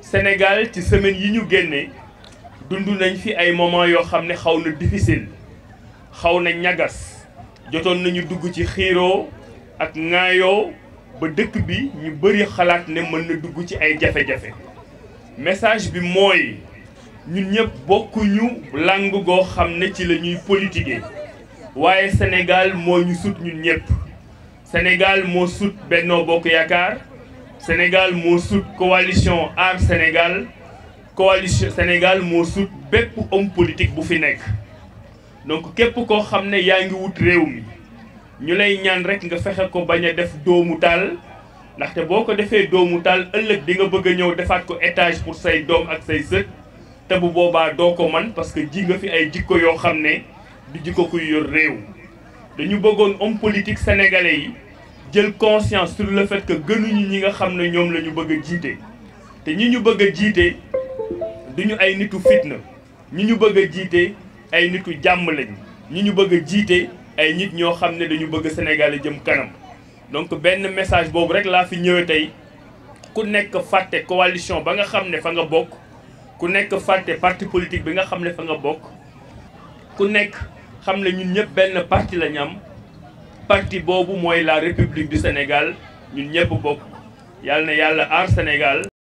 senegal ci semaine yi ñu génnee dund nañ fi ay moment yoo xam ne xaw na difficile xaw na ñagas jotoon nañu dugg ci xiiroo ak ŋaayoo ba dëkk bi ñu bëri xalaat ne mën na dugg ci ay jafe-jafe message bi mooy ñun ñëpp bokkuñu làng goo xam ne ci la ñuy politiquer waaye senegal moo ñu sut ñun ñëpp senegal moo sut Benno Bokk Yaakaar Sénégal Moussout, coalition arm Sénégal coalition Sénégal Moussout, homme politique bu fi donc képp ko xamné yaangi wut réew mi ñu de ñaan rek nga fexé ko baña def deux tal ndax té boko défé doomu di nga bëgg étage pour say doom ak say te bu boba parce que ji nga fi ay jikko yo xamné du jikko kuy yor homme politique sénégalais jël conscience sur le fait que ñi nga xamné ñom lañu bëgg té ñi ñu bëgg duñu ay nitu fitna ñi ñu bëgg nous nitu les lañ ñi ñu bëgg ay nit ñoo xamné dañu bëgg Sénégal jëm kanam donc benn message bobu rek la fi ñëwé tay ku nekk faté coalition ba nga fa nga bok ku nekk Nous parti politique bi nga fa nga bok ku nekk ñun parti lañ ñam parti boobu mooy la république du Sénégal ñun ñëpp bokk yàlla na yàlla aar Sénégal